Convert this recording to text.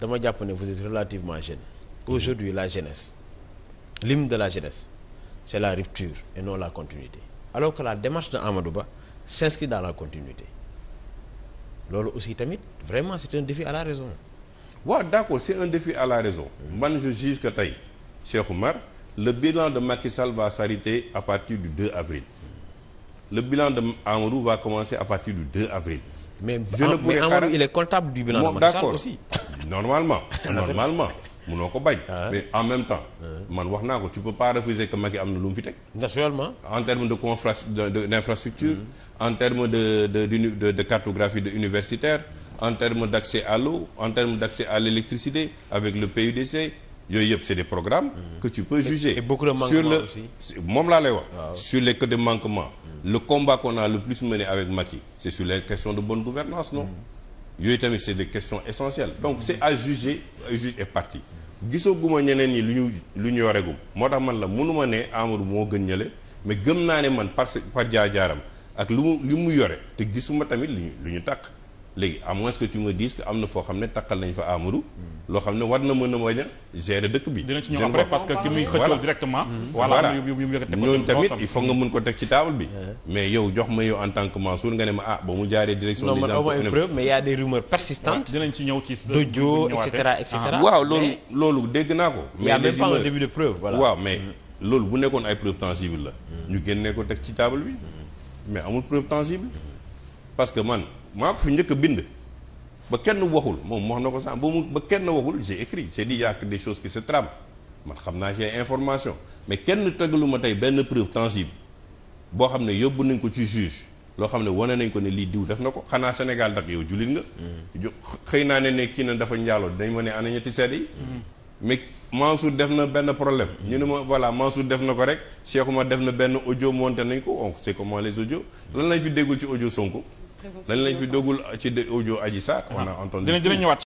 dama jàpp ne vous êtes relativement jeune aujourd'hui la jeunesse l'hymne de la jeunesse c'est la rupture et non la continuité alors que la démarche de Amadou Ba s'inscrit dans la continuité loolu aussi tamit vraiment c'est un défi à la raison waaw ouais, d'accord c'est un défi à la raison man je juge que tey Cheikh mar le bilan de Macky Sall va s'arrêter à partir du 2 avril le bilan de Amadou va commencer à partir du 2 avril mais, je ne pourrais mais Amadou il est comptable du bilan bon, normalement normalement munoo ko bañ. Ah. mais en même temps. Ah. man wax naa ko tu peux pas refuser que Macky am na lu mu fi teg. naturellement. en terme de confra de, d' infrastructure. Mm. Mm-hmm. en terme de de de cartographie de universitaire. en terme d' accès à l'eau en terme d' accès à l' électricité avec le PUDC yooyu yëpp c' est des programmes. Mm. que tu peux juger. moom laa lay wax. Ah sur les cas de manquement. Mm. le combat qu'on a le plus mené avec Macky c' sur les questions de bonne gouvernance non. Mm. yooyu tamit c'est des question essentielles donc c'est à juger juge et partie gisaguma ñeneen yi lu ñu lu ñu yoregum moo tax man la mënuma ne Amadou moo gën ñële mais gëm naa ne man par par jaar-jaaram ak lu mu li mu yore te gisuma tamit lu ñu lu ñu tàkk léegi am moins que tu me am na foo xam ne takkal nañ fa Amadou. loo xam ne war na mën a wañ a dëkk bi. dina ci ñëw parce que ki muy xëccoo directement. voilà ñooñu tamit il faut nga mën ko teg ci table bi. mais yow jox ma yow en tant a des waaw loolu dégg naa ko. mais les rumeurs y a loolu bu nekkoon ay preuve tangible la. ñu génnee ko teg ci table bi mais amul preuve tangible parce que man maa ko fi njëkk a bind ba kenn waxul moom wax na ko sax ba mu ba kenn waxul j'ai écrit j'ai dit y a que des choses se trament man xam naa j'ai information mais kenn tegalu ma tey benn preuve tangible boo xam ne yóbbu nañ ko ci juge loo xam ne wane nañ ko ne lii diw def na ko xanaa Sénégal ndax yow jullit nga. Mm-hmm. xëy naa ne ne kii na dafa njaaloo dañ ma ne ana ñetti seede yi. Mm-hmm. mais Mansour def na benn problème. Mm-hmm. ñu ne ma voilà Mansour def na ko rek Cheikh Oumar def na benn audio monté nañ ko on sait comment les lan lañ fi déggul ci audio Sonko. dañ lañ fi dogul ci audio Adji Sarr on a entendu